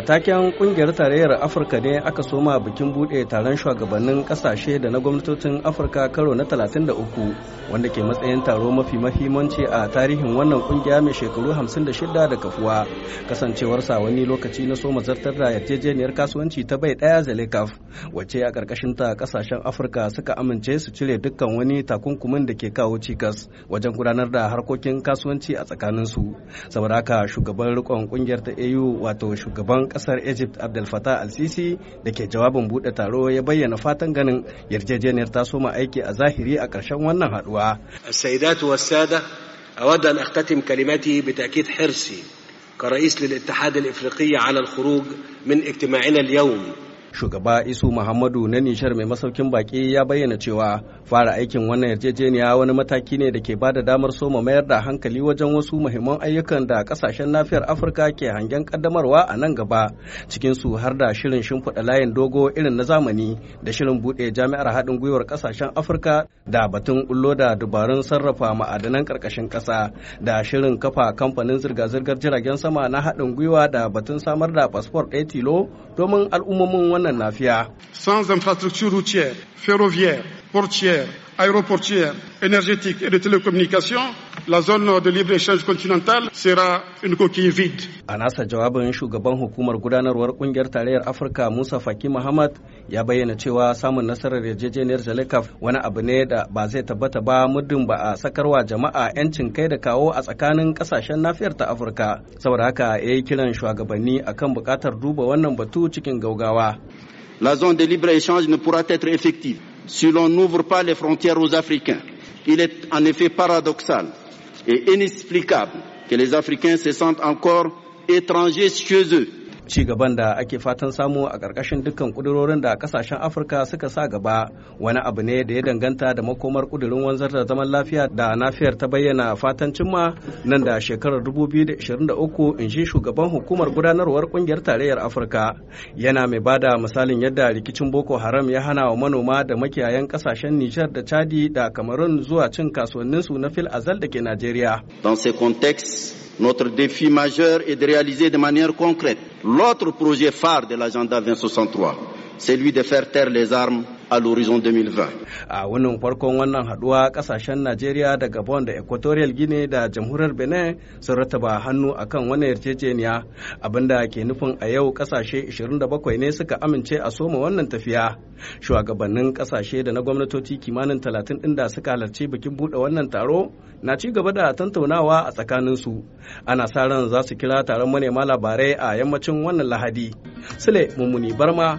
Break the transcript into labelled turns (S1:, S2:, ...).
S1: Da taken kungiyar tarayyar Afirka ne aka soma bikin buɗe taron shugabannin kasashe da na gwamnatocin Afirka karo na 33 wanda ke matsayin taro mafi mahimmanci a tarihin wannan kungiya mai shekaru 56 da kafuwa kasancewarsa wani lokaci na soma zartar da yarjejeniyar kasuwanci ta bai daya Zelekaf wacce a karkashin ta kasashen Afirka suka amince su cire dukkan wani takunkumin da ke kawo cikas wajen gudanar da harkokin kasuwanci a tsakanin su Saboda haka shugaban rikon kungiyar ta AU wato shugaban kasar egypt abdel fattah al-sisi da ke jawabin bude taro ya bayyana fatan ganin yarjejeniyar ta soma aiki a zahiri a ƙarshen wannan haduwa السيدات والسادة أود أن أختتم كلمتي بتأكيد حرصي كرئيس للاتحاد الإفريقي على الخروج من اجتماعنا اليوم shugaba isu muhammadu na nishar mai masaukin baki ya bayyana cewa fara aikin wannan yarjejeniya wani mataki ne da ke ba da damar soma mayar da hankali wajen wasu muhimman ayyukan da kasashen nafiyar afirka ke hangen kaddamarwa a nan gaba cikin su har da shirin shimfiɗa layin dogo irin na zamani da shirin buɗe jami'ar haɗin gwiwar kasashen afirka da batun ullo da dubarun sarrafa ma'adanan ƙarƙashin ƙasa da shirin kafa kamfanin zirga-zirgar jiragen sama na haɗin gwiwa da batun samar da fasfor ɗaya tilo domin al'ummomin Sans
S2: infrastructure routière, ferroviaire, portière, aéroportière, énergétique et de télécommunications, la zone de libre-échange continentale sera une coquille vide. A
S1: nasa jawabin shugaban hukumar gudanarwar kungiyar tarayyar Afirka Musa Faki Muhammad ya bayyana cewa samun nasarar yarjejeniyar Jalekaf wani abu ne da ba zai tabbata ba muddin ba a sakarwa jama'a 'yancin kai da kawo a tsakanin kasashen nafiyar ta Afirka. Saboda haka ya yi kiran shugabanni akan bukatar duba wannan batu cikin gaugawa.
S2: La zone de libre-échange ne pourra être effective si l'on n'ouvre pas les frontières aux Africains. Il est en effet paradoxal et inexplicable que les Africains se sentent encore étrangers chez eux
S1: ci gaban da ake fatan samu a ƙarƙashin dukkan kudurorin da ƙasashen afirka suka sa gaba wani abu ne da ya danganta da makomar kudurin wanzar da zaman lafiya da nafiyar ta bayyana fatan cimma nan da shekarar 2023 in shi shugaban hukumar gudanarwar ƙungiyar tarayyar afirka yana mai bada misalin yadda rikicin boko haram ya hana wa manoma da makiyayan kasashen nijar da chadi da kamarun zuwa cin kasuwanninsu na fil azal da ke najeriya
S2: dans ce Notre défi majeur est de réaliser de manière concrète l'autre projet phare de l'agenda 2063, celui de faire taire les armes a l'horizon 2020.
S1: A wannan farkon wannan haduwa kasashen Najeriya da Gabon da Equatorial Guinea da Jamhuriyar Benin sun rataba hannu akan wannan yarjejeniya abinda ke nufin a yau kasashe 27 ne suka amince a soma wannan tafiya. Shugabannin kasashe da na gwamnatoci kimanin 30 inda suka halarci bikin bude wannan taro na ci gaba da tantaunawa a tsakanin su Ana sa ran za su kira taron manema labarai a yammacin wannan Lahadi. Sule Mummuni Barma